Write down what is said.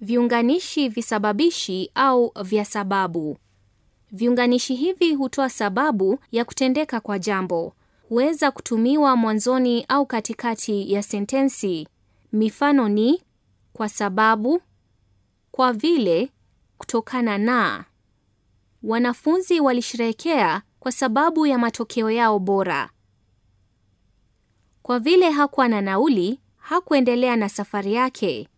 Viunganishi visababishi au vya sababu. Viunganishi hivi hutoa sababu ya kutendeka kwa jambo. Huweza kutumiwa mwanzoni au katikati ya sentensi. Mifano ni kwa sababu, kwa vile, kutokana na. Wanafunzi walisherehekea kwa sababu ya matokeo yao bora. Kwa vile hakuwa na nauli, hakuendelea na safari yake.